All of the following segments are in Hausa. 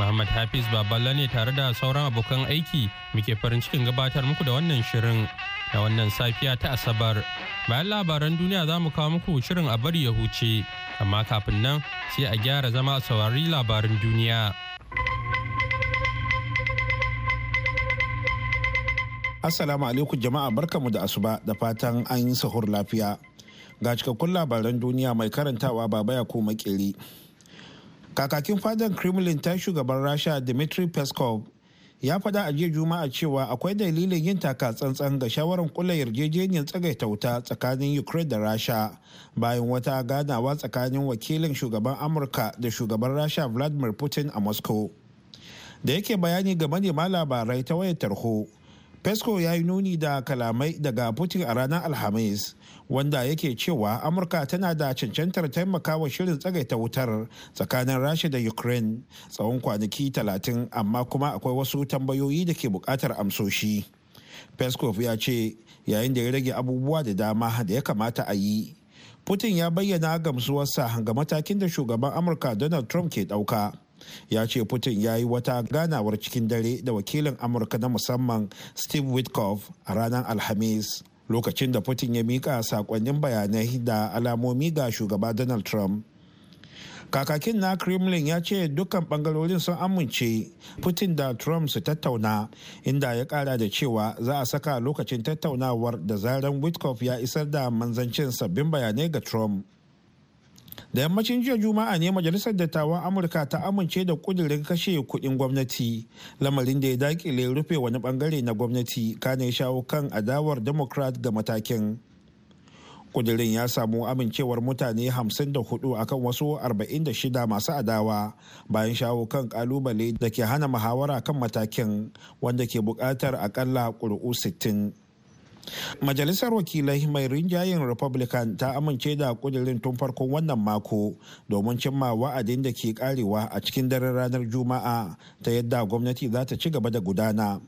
Muhammad Hafiz Baballa ne tare da sauran abokan aiki muke farin cikin gabatar muku da wannan shirin da wannan safiya ta Asabar. Bayan labaran duniya za mu kawo muku shirin a bari ya huce, amma kafin nan sai a gyara zama a saurari labarin duniya. Assalamu alaikum jama'a barkamu da asuba da fatan an yi sahur lafiya. Ga cikakkun labaran duniya mai karantawa baba ya ko makeri. kakakin fadar kremlin ta shugaban rasha dmitry peskov ya faɗa a jiya juma'a cewa akwai dalilin yin taka tsantsan ga shawarar kula yarjejeniyar tsagaita wuta tsakanin ukraine da rasha bayan wata ganawa tsakanin wakilin shugaban amurka da shugaban rasha vladimir putin a moscow da yake bayani ga manema labarai ta wayar tarho pesco ya yi nuni da kalamai daga putin a ranar alhamis wanda yake cewa amurka tana da cancantar taimakawa shirin tsagaita wutar tsakanin rasha da ukraine tsawon kwanaki talatin amma kuma akwai wasu tambayoyi da ke bukatar amsoshi peskov ya ce yayin da ya rage abubuwa da dama da ya kamata a yi putin ya bayyana gamsuwarsa ga matakin da shugaban amurka donald trump ke ɗauka. ya ce putin ya yi wata ganawar cikin dare da wakilin amurka na musamman steve witkoff a ranar alhamis lokacin da putin ya mika sakonnin bayanai da alamomi ga shugaba donald trump kakakin na kremlin ya ce dukkan bangarorin sun amince putin da trump su tattauna inda ya kara da cewa za a saka lokacin tattaunawar da zaren witkoff ya isar da manzancin sabbin bayanai ga trump da yammacin jiya juma'a ne majalisar dattawan amurka ta amince da kudirin kashe kudin gwamnati lamarin da ya dakile rufe wani bangare na gwamnati kane shawo kan adawar democrat ga matakin kudirin ya samu amincewar mutane 54 akan wasu 46 masu adawa bayan shawo kan kalubale da ke hana muhawara kan matakin wanda ke bukatar akalla ƙuri'u 60 majalisar wakilai mai rinjayen republican ta amince da kudirin tun farkon wannan mako domin cimma wa'adin da ke karewa a cikin daren ranar juma'a ta yadda gwamnati za ta ci gaba da gudana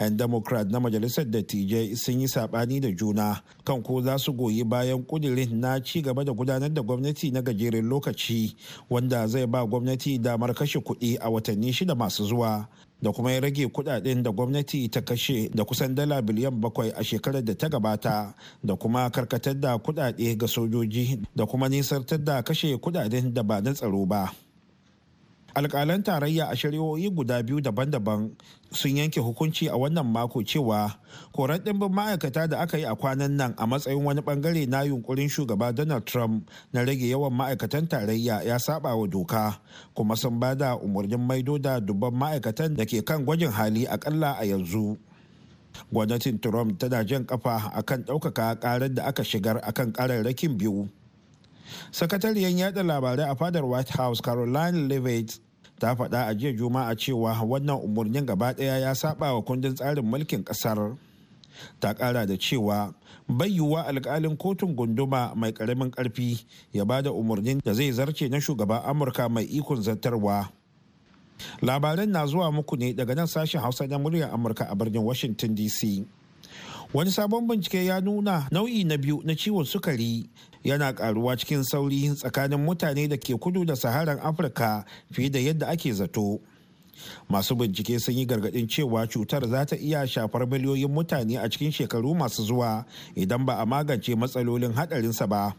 'yan democrat na majalisar dattijai sun yi saɓani da juna kan ko za su goyi bayan kudirin na ci gaba da gudanar da gwamnati na gajeren lokaci wanda zai ba gwamnati damar kashe kuɗi a watanni shida masu zuwa da kuma ya rage kudaden da gwamnati ta kashe da kusan dala biliyan bakwai a shekarar da ta gabata da kuma karkatar da kudade ga sojoji da kuma nisartar da kashe kudaden da ba na tsaro ba. alkalan tarayya a shari'o'i guda biyu daban-daban sun yanke hukunci a wannan mako cewa koran ɗimbin ma'aikata da aka yi a kwanan nan a matsayin wani bangare na yunkurin shugaba donald trump na rage yawan ma'aikatan tarayya ya saba wa doka kuma sun ba da umarnin maido da dubban ma'aikatan da ke kan gwajin hali akalla a yanzu gwamnatin trump tana jan kafa akan ɗaukaka karar da aka shigar akan kararrakin biyu sakatariyar yada labarai a fadar white house caroline levitt ta faɗa a jiya juma'a cewa wannan umarnin gaba ɗaya ya saba wa kundin tsarin mulkin ƙasar ta ƙara da cewa bai yiwuwa alƙalin kotun gunduma mai ƙaramin ƙarfi ya ba da umarnin da zai zarce na shugaban amurka mai ikon zartarwa labaran na zuwa muku ne daga nan sashen hausa na muryar amurka a birnin washington dc wani sabon bincike ya nuna nau'i na biyu na ciwon sukari yana karuwa cikin sauri tsakanin mutane da ke kudu da saharan afirka fiye da yadda ake zato masu bincike sun yi gargadin cewa cutar za ta iya shafar miliyoyin mutane a cikin shekaru masu zuwa idan ba a magance matsalolin haɗarinsa ba.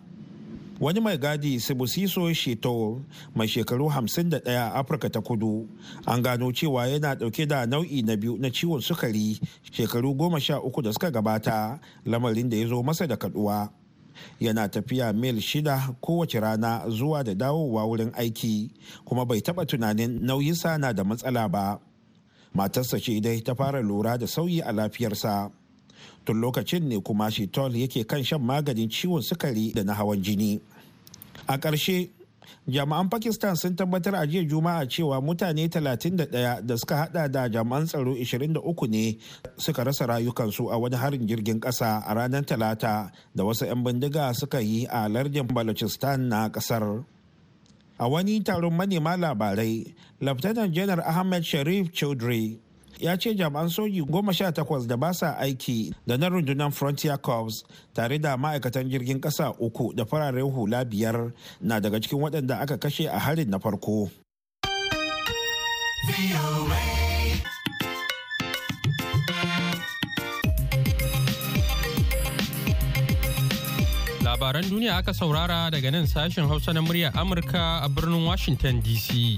wani mai gadi sibusiso sheto mai shekaru 51 a afirka ta kudu an gano cewa yana dauke da nau'i na biyu na ciwon sukari shekaru 13 da suka gabata lamarin da ya zo masa da kaduwa yana tafiya mil shida kowace rana zuwa da dawowa wurin aiki kuma bai taba tunanin nauyinsa na da matsala ba matarsa ce dai ta fara lura da sauyi a lafiyarsa tun lokacin ne kuma shitol yake kan shan maganin ciwon sukari da na hawan jini a ƙarshe jami'an pakistan sun tabbatar a jiya juma'a cewa mutane 31 da suka hada da jami'an tsaro 23 ne suka rasa rayukansu a wani harin jirgin ƙasa a ranar talata da wasu 'yan bindiga suka yi a lardin balochistan na kasar a wani taron manema labarai laftanar janar ahmed sharif chaudhry ya ce jami'an soji goma sha takwas da ba sa aiki da na rundunar frontier corps tare da ma'aikatan jirgin kasa uku da fararen hula biyar na daga cikin waɗanda aka kashe a harin na farko labaran duniya aka saurara daga nan sashen hausa na muryar amurka a birnin washington dc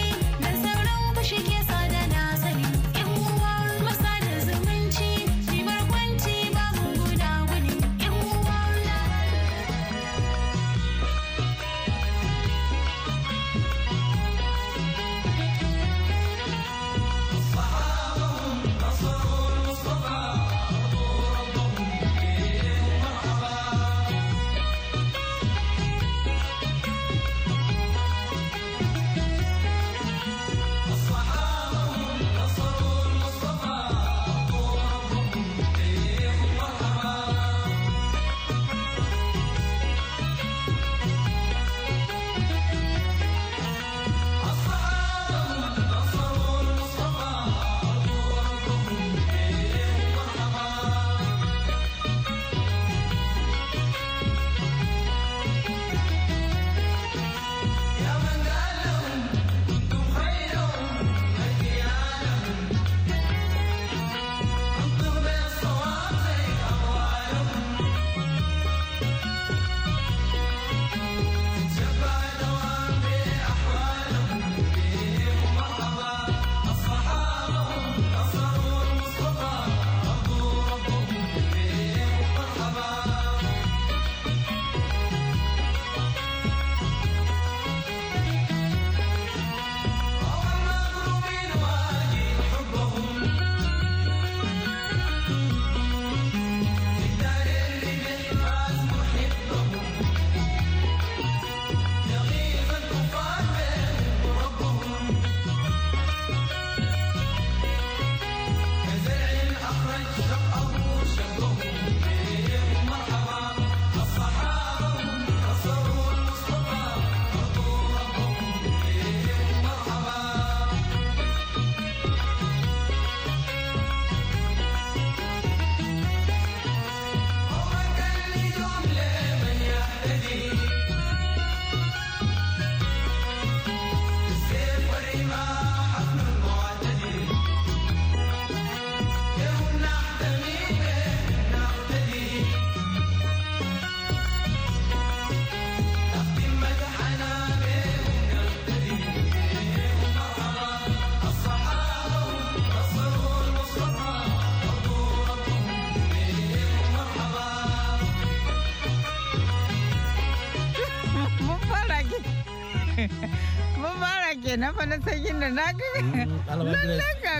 Mm, fa na san yin na ga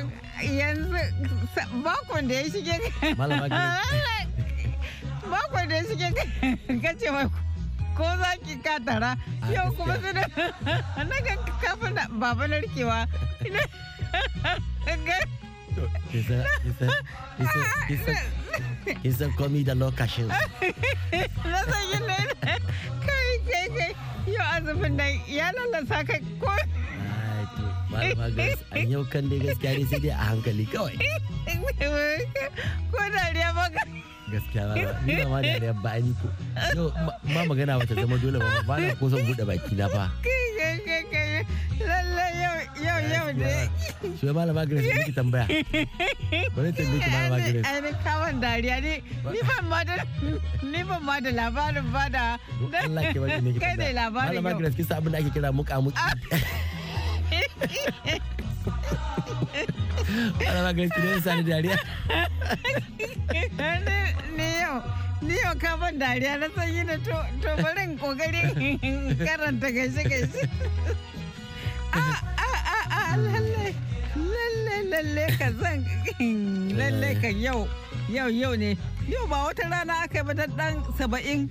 yanzu bakon da ya shige bakon da ya shige mai ko za ki yau kuma su da Na kai kai ya ko malama gas an yau kan dai gaskiya dai sai dai a hankali kawai ko dariya ba gaskiya ni ma dariya ba ni ko yau ma magana ba ta zama dole ba ba na ko son baki na lallai yau yau yau dai malama ne ki tambaya ki malama ai ni dariya ne ni ma da ni ma da labarin ba da Allah ke wani ne ki malama kisa abin da ake kira muka muki ah. Malama Grace ne Ne yo? ni yau ka ban dariya na san yi na to bari in kokari karanta gaishe gaishe. Ah, ah, ah, lalle lalle lalle ka zan lalle ka yau yau yau ne yau ba wata rana aka yi ba dan saba'in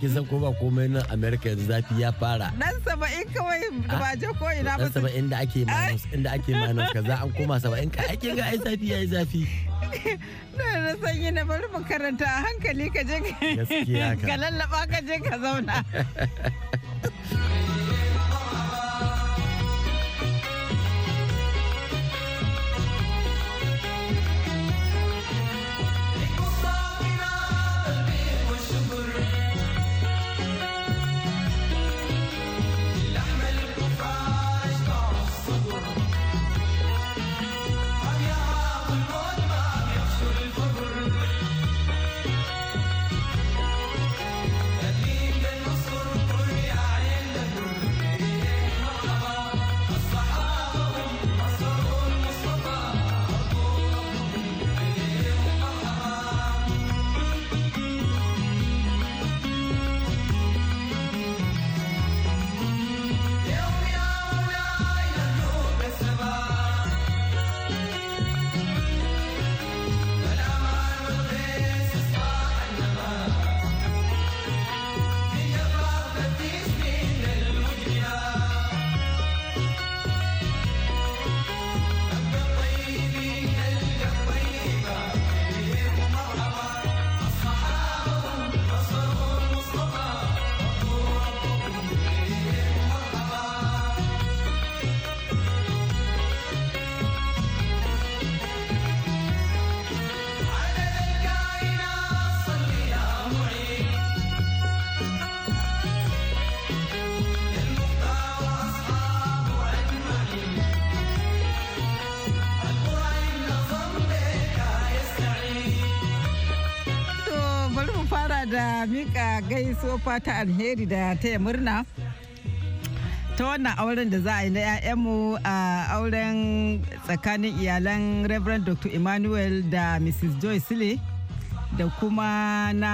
kin san ko ba komai nan America yanzu zafi ya fara Nan saba'in kawai ah, ba je ko ina ba Nan saba'in da ake minus inda ake minus kaza an koma saba'in ka ake ga ai zafi yayi zafi na sanyi na bari makaranta a hankali ka je ka lallaba ka je ka zauna da mika gaiso fata alheri da taya murna ta wannan auren da za a yi na 'ya'yanmu a auren tsakanin iyalan reverend dr emmanuel da mrs joy sile da kuma na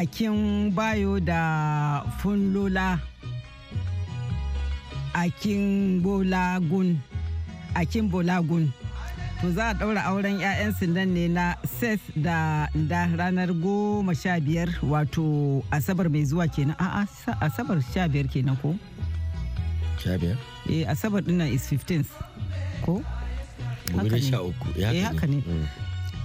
akin bayo da funlola akin bolagun akin bolagun to za a ɗaura auren 'ya'yan nan ne na seth da da ranar goma sha biyar wato asabar mai zuwa kenan a asabar sha biyar kenan ko? sha biyar? eh asabar dinnan is 15th ko? gobe sha uku eh haka eh, ne mm.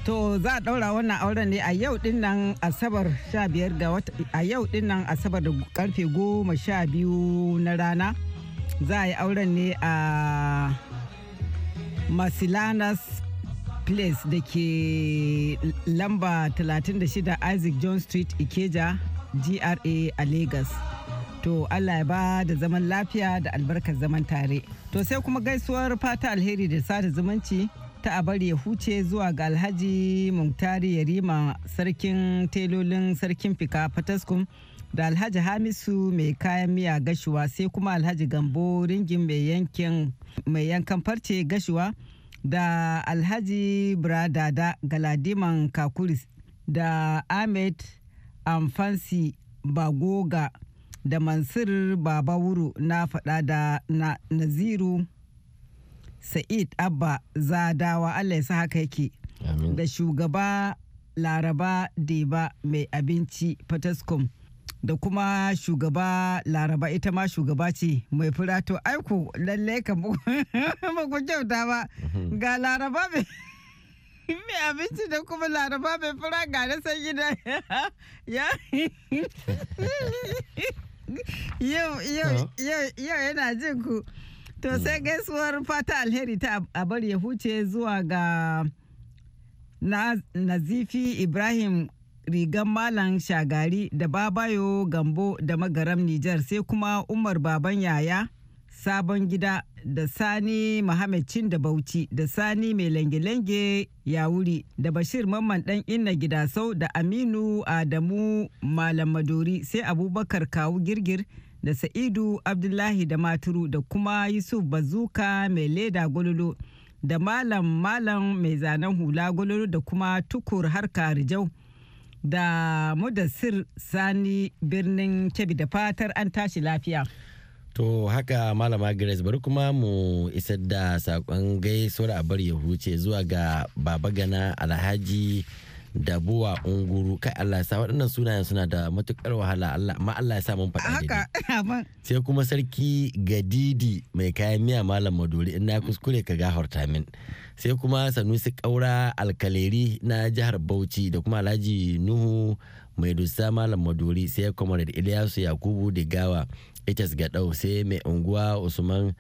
to za a ɗaura wannan auren ne a yau dinnan asabar sha biyar ga wata a yau dinnan asabar da karfe goma sha biyu na rana za a yi auren ne a masilanas place da ke lamba 36 isaac john street ikeja gra a lagos to allah ya ba da zaman lafiya da albarkar zaman tare to sai kuma gaisuwar fata alheri da sada zumunci ta abari ya huce zuwa ga alhaji muntari yarima sarkin telolin sarkin fika fataskum da alhaji hamisu mai kayan miya gashuwa sai kuma alhaji gambo ringin mai yankan farce gashuwa da alhaji bradada galadiman kakuris da ahmed amfansi bagoga da mansur babawuro na fada da na, naziru sa'id abba zadawa allah ya haka yake da shugaba laraba deba mai abinci fataskom da kuma shugaba laraba ita ma shugaba ce mai fura to aiku lalle ka muku kyauta ba mhm. ga laraba mai abinci da kuma laraba mai fura ga na san gida ya yau yana jin ku to hmm. sai gaisuwar fata alheri ta abar ya huce zuwa ga nazifi ibrahim rigan malam shagari da babayo gambo da magaram nijar sai kuma umar baban yaya sabon gida da sani Muhammad Cin da Bauchi da sani mai lange-lange yawuri da bashir mamman dan inna gida sau da aminu adamu malam madori sai abubakar kawu girgir da sa'idu abdullahi da maturu da kuma yusuf bazuka mai leda gololo da malam malam mai zanen hula gololo da kuma tukur harka rijau. da mudassir sani birnin kebi da fatar an tashi lafiya to haka malama grace bari kuma mu isar da sakon gaisuwar a bar ya huce zuwa ga baba gana alhaji buwa unguru kai Allah ya sa waɗannan sunayen suna da matukar wahala Allah amma Allah ya sa mun faɗa haka sai kuma sarki gadidi mai kayan miya malam maduri in na kuskure ka gafarta min sai kuma sanusi kaura alkaleri na jihar bauchi da kuma alhaji nuhu mai dusa malam maduri sai da iliyasu yakubu da gawa hs gadau sai mai unguwa usman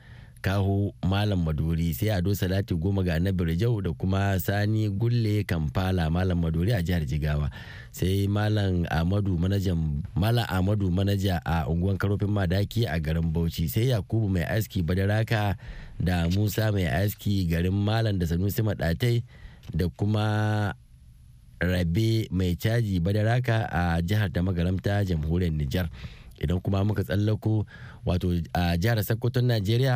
kaho malam maduri sai ado salati goma ga na birjau da kuma sani gulle kamfala malam maduri a jihar jigawa sai malam amadu manaja malam amadu manaja a unguwan karofin madaki a garin bauchi sai yakubu mai aski badaraka da musa mai aski garin malam da sanusi madatai da kuma rabe mai caji badaraka a jihar da magaramta jamhuriyar nijar idan kuma muka tsallako wato a jihar sokoton najeriya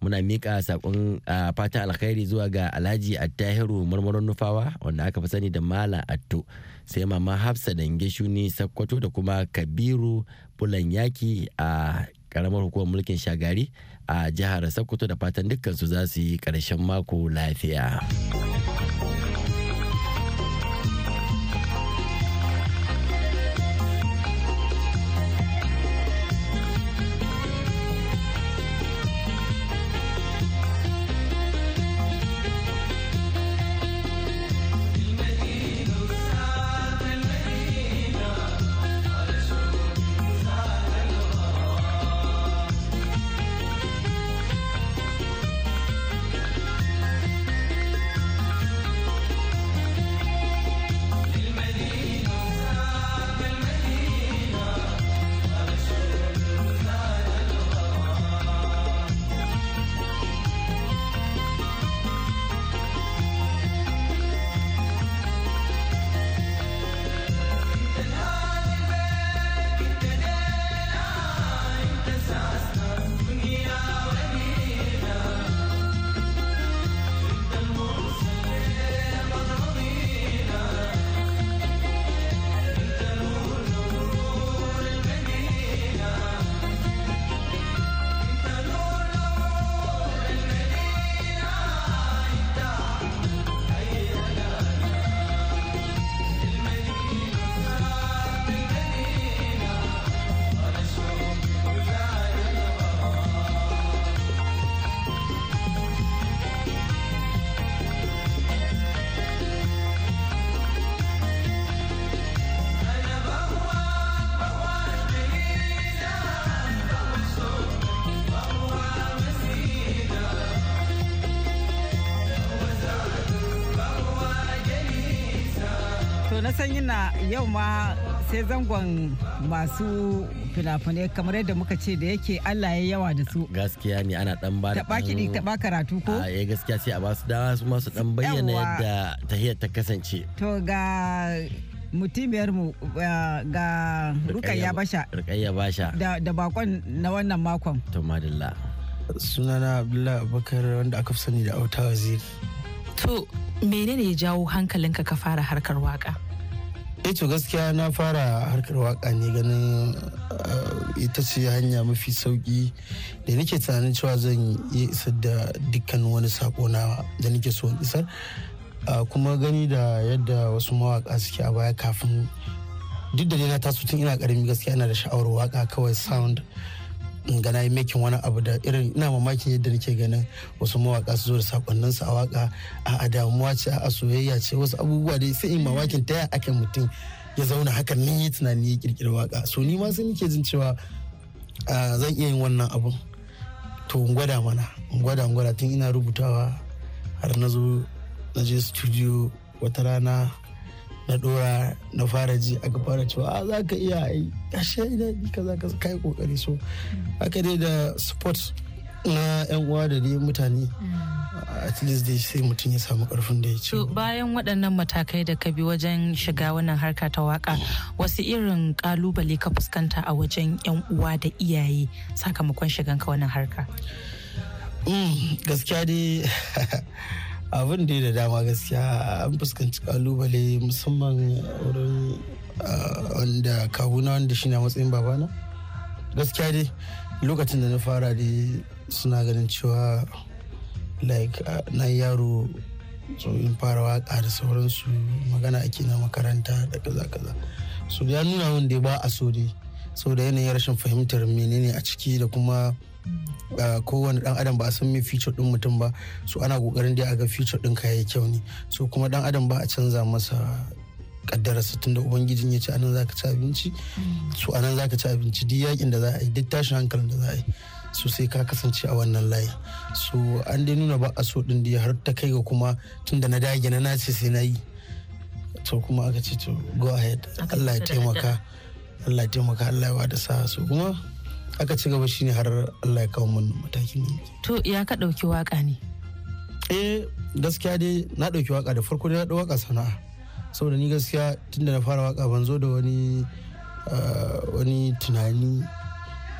muna mika sakon fatan alkhairi zuwa ga alhaji attahiru marmaron nufawa wanda aka fi sani da mala atto sai mama hafsa da shuni sakkwato da kuma kabiru bulan yaki a karamar hukumar mulkin shagari a jihar sakkwato da fatan dukkan su za su yi karshen mako lafiya. san yana yau ma sai zangon masu fina-finai kamar yadda muka ce da yake Allah ya yawa da su. Gaskiya ne ana dan ba da taɓa kiɗi taɓa karatu ko? A eh, gaskiya sai a ba su dama su masu dan bayyana yadda tahiyar ta kasance. To ga mutumiyar mu eh, ga rukayya basha. Rukayya basha. Da bakon na wannan makon. To madalla. Sunana Abdullahi Abubakar wanda aka fi sani da Auta Waziri. To menene ya jawo hankalinka ka fara harkar waka? Eh to gaskiya na fara harkar waka ne ganin eh, ita ce hanya mafi sauki da nake tunanin cewa zan yi isar da dukkan wani sako na da nake so isar kuma gani da yadda wasu mawaka suke a baya kafin duk da na taso tun ina karami gaskiya ina da sha'awar waka kawai sound in gana yi makin wani abu da irin ina mamakin yadda nake ganin wasu mawaka su zo da sakonnin su a waka a damuwa ce a soyayya ce wasu abubuwa da sai in mamakin ta yaya aka mutum ya zauna haka ni yi tunani ya kirkiri waka so ni ma sai nake jin cewa zan iya yin wannan abun to gwada mana gwada gwada tun ina rubutawa har na zo na je studio wata rana na dora na fara ji aka fara cewa a ah, za ka iya yi ashe daɗi ka za ka kai kokari so aka dai da sport na yan uwa da dai mutane mm. at least dai sai mutum ya samu karfin da ya ci. bayan waɗannan matakai da ka bi wajen shiga wannan harka ta waka wasu irin kalubale ka fuskanta a wajen yan uwa da iyaye sakamakon shiganka wannan harka mm, gaskiya dai abin da da dama gaskiya an fuskanci kalubale musamman wurin ah, wanda kawuna wanda shi na matsayin babana gaskiya dai lokacin da na fara dai suna ganin cewa like ah, na yaro in fara waka da sauransu magana ake na makaranta da kaza kaza so ya nuna wanda ba a so dai sau da yanayin rashin fahimtar menene a ciki da kuma kowane dan adam ba a san me feature din mutum ba so ana kokarin dai a ga feature din ka yayi kyau ne so kuma dan adam ba a canza masa kaddara sittin da ubangijin ya ce anan zaka ci abinci so anan zaka ci abinci duk yakin da za a yi duk tashin hankalin da za a yi so sai ka kasance a wannan layi so an dai nuna ba a so din da har ta kai ga kuma tunda na dage na nace sai na yi to kuma aka ce to go ahead Allah ya taimaka Allah ya taimaka Allah ya wada sa so kuma aka ci gaba shine har Allah ya kawo mun matakin to ya ka ɗauki waka ne eh gaskiya dai na ɗauki waka da farko dai na dauka waka sana'a saboda ni gaskiya tunda na fara waka ban zo da wani eh, wani tunani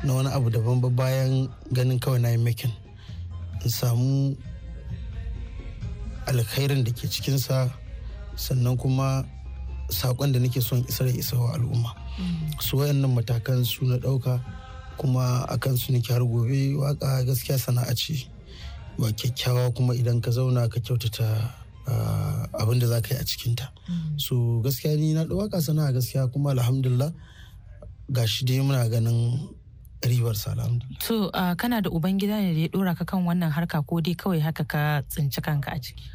na wani abu daban ba bayan ganin kawai na yi makin in samu alkhairin da ke cikinsa sannan kuma saƙon da nake son isar isa wa al'umma mm. su wayannan matakan su na ɗauka kuma a kansu nake har gobe waka gaskiya sana'a ce ba kyakkyawa kuma idan ka zauna ka kyautata ah, abin da za ka yi a cikinta mm. so gaskiya ni na waka sana'a gaskiya kuma alhamdulillah shi dai muna ganin ribar salam. To ah, kana da ubangida ne da ya dora ka kan wannan harka ko dai kawai haka ka tsinci kanka a ciki?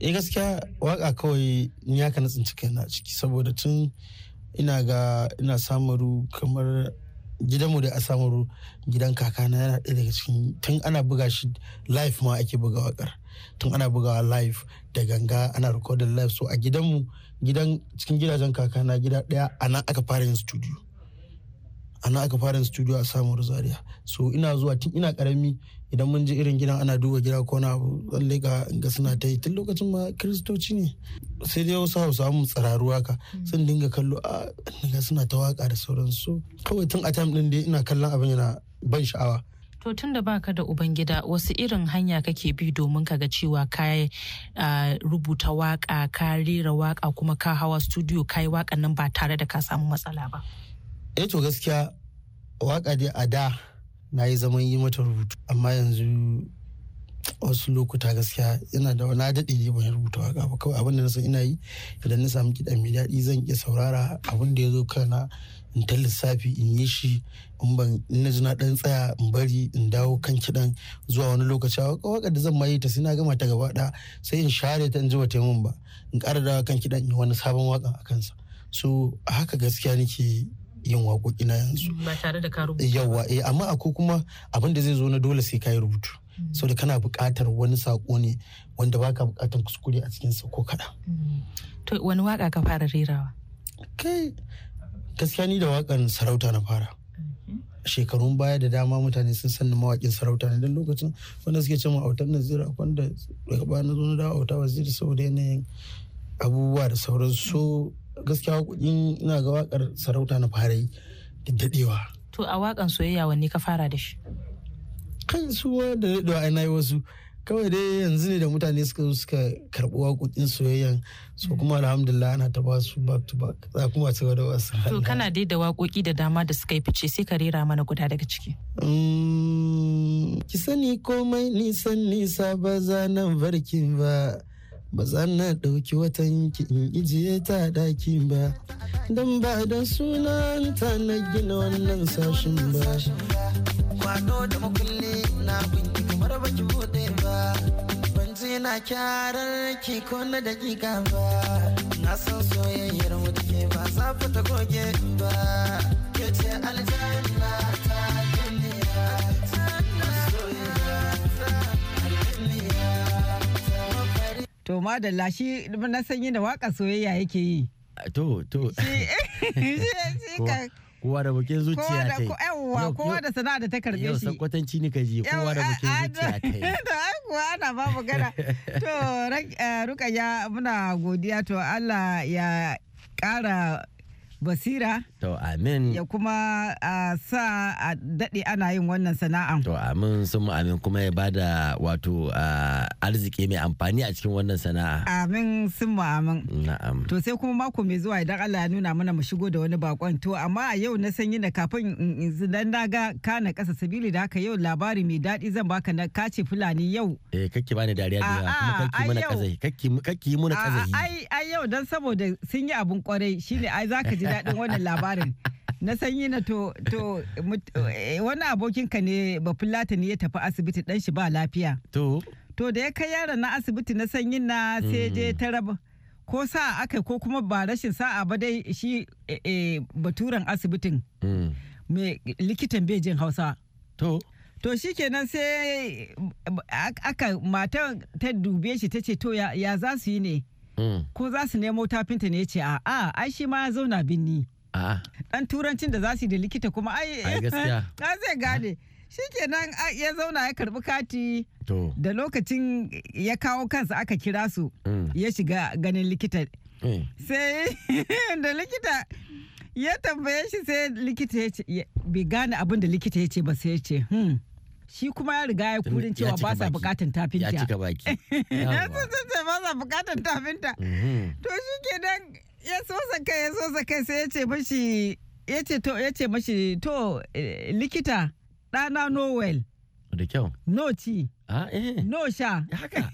Eh gaskiya waka kawai ni ya na tsinci kaina a ciki saboda tun ina ga ina samaru kamar gidanmu da asamar gidan kakana yana ɗaya daga cikin tun ana buga shi live ma ake buga wakar tun ana bugawa live da ganga ana recording live so a gidanmu gidan cikin gidajen kakana gida ɗaya a nan aka fara yin studio a nan aka fara yin studio a samun zaria so ina zuwa tun ina karami idan mun ji irin gidan ana duba gida ko na abu tsalle ga suna ta yi tun lokacin ma kiristoci ne sai dai wasu hausa mu tsiraru haka sun dinga kallo a ah, ga suna ta waka da sauransu kawai tun a time din dai ina kallon abin yana ban sha'awa To tun da baka da Ubangida wasu irin hanya kake bi domin ka ga cewa ka ah, rubuta waka ka rera waka kuma ka hawa studio ka yi wakan nan ba tare da ka samu matsala ba. Eh to gaskiya waka dai a da na yi zaman yi mata rubutu amma yanzu wasu lokuta gaskiya yana da wani daɗe ne ban rubuta waka ba kawai abin da na san ina yi idan na samu kiɗan mai daɗi zan iya saurara abin da ya zo kana in ta lissafi in yi shi in ban na ji na ɗan tsaya in bari in dawo kan kiɗan zuwa wani lokaci a waka da zan mai ta sai na gama ta gaba ɗaya sai in share ta in ji bata mun ba in ƙara dawo kan kiɗan in wani sabon waka a kansa so haka gaskiya nake yin waƙoƙi na yanzu ba tare da ka rubuta Yawwa eh amma akwai kuma abin da zai zo na dole sai ka yi rubutu mm. Sau da kana buƙatar wani saƙo ne wanda baka buƙatar kuskure a cikin sa ko kaɗan mm. to wani waƙa ka fara rerawa kai gaskiya ni da waƙan sarauta na fara mm-hmm. shekarun baya da dama mutane sun san ni mawaƙin sarauta ne don lokacin wanda suke cewa autar nazira wanda daga baya na zo na dawo auta waziri saboda yanayin abubuwa da sauran so gaskiya ni ina ga wakar sarauta na fara yi daɗewa. To a wakan soyayya wanne ka fara da shi? Kan suwa da daɗewa ai nayi wasu. Kawai dai yanzu ne da mutane suka zo suka karɓi wakokin soyayyan so mm. kuma alhamdulillah ana ta ba su back to back za kuma ci da wasu. To kana dai da waƙoƙi da dama da suka yi fice sai ka rera mana guda daga ciki. Mm, ki sani komai nisan nisa ba za nan barkin ba. ba za na ɗauki watan in ijiye ta daki ba don ba da sunan ta na gina wannan sashin ba kwado da makulli na binki kamar baki bude ba ban ji na kyarar ki ko na dakika ba na san soyayyar mu ke ba za ta goge ba ke ce aljanna To madalla shi na san yi da waka soyayya yake yi. To to. Shi eh, shi ka. Kowa da bukin zuciya ta yi. Yawwa kowa da sana'a da ta karɓe shi. Yau sakwatanci ni ka ji kowa da bukin zuciya ta yi. To ai kuwa ana ba mu gana. To eh, Rukayya muna godiya to Allah ya ƙara basira to amin ya kuma a sa a daɗe ana yin wannan sana'an to amin sun amin kuma ya bada wato arziki mai amfani a cikin wannan sana'a amin sun amin na'am to sai kuma mako mai zuwa idan Allah ya nuna mana mu shigo da wani bakon to amma a yau na sanyi na kafin in zidan na ga kana kasa sabili da haka yau labari mai daɗi zan baka na kace fulani yau eh kake bani dariya da kuma kake mana kazai kake kake muna kazai ai ai yau don saboda sun yi abin kwarai shine ai za ka ji daɗin wannan labarin. Na sanyi na to eh, wani abokin ka ne fulata ne ya tafi asibiti dan shi ba lafiya. To. To da ya kai yaron na asibiti na sanyi na sai mm-hmm. je ta raba. ko sa aka ko kuma ba rashin sa'a ba dai shi eh, eh, baturen asibitin mai mm. likitan bejin hausa to to shikenan sai aka mata ta dube shi ta ce to ya za su yi ne Mm. ko za su nemo tafinta ne ya ce a'a ai shi ma zauna binni dan turancin da za su yi da likita kuma ai zai gane shi shikenan ya zauna ya karbi kati da lokacin ya kawo kansa aka kira su mm. ya shiga ganin likita mm. sai da likita ya tambaye shi sai likita ya ce bai gane abin da likita ya ce ba sai ya ce hmm, shi kuma ya riga ya kurin cewa ba sa bukatan tafinta. Ya cika baki. Ya ce ba sa bukatan tafinta. Mm-hmm. To shi ke dan ya sosa kai ya sosa kai sai ya ce mashi ya ce to ya ce mashi to eh, likita ɗana Noel. Da kyau. No ci. Ah, eh. No sha. Haka.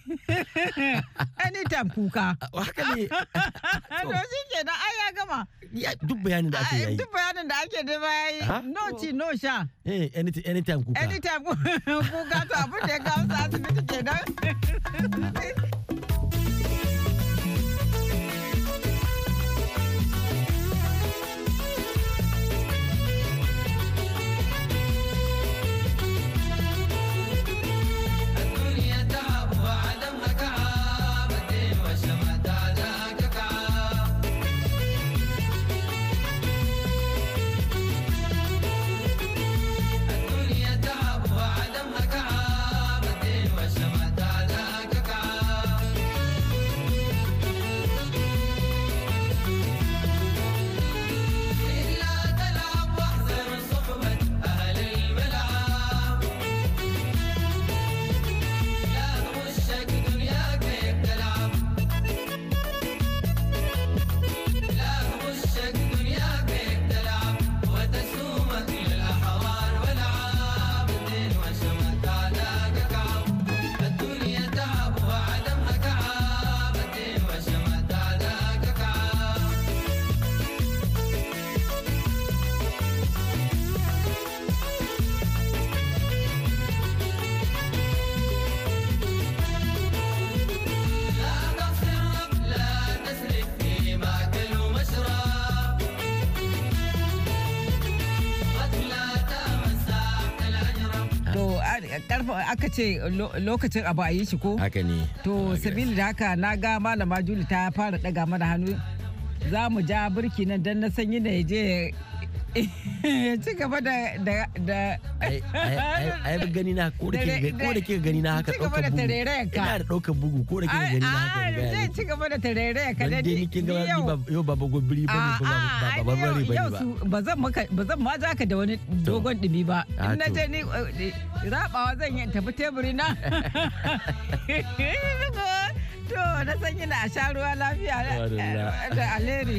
Anytime kuka. Ah, ah, haka ne. To shi ke da ai ya gama. Duk bayanin da ake yi. Duk bayanin da ake da baya No ci no sha. Eh, anytime kuka. Anytime kuka to abin da ya kawo su ke nan. aka ce lokacin abu a yi shi ko haka ne to sabili da haka na ga malama juli ta fara daga mana hannu za mu ja birki nan don na sanyi na ya je ci gaba da da da ai ai gani na ko da ke ko da ke gani na haka dauka bugu ina da dauka bugu ko da ke gani na haka ga zai ci gaba da tarere ka da ni kin ga yo baba gobiri ba ni ba baba ba ba ba ba zan maka ba zan ma zaka da wani dogon dumi ba ah, in na je ni eh, rabawa zan yi tafi teburi na to na san yana a sha ruwa lafiya eh, da alheri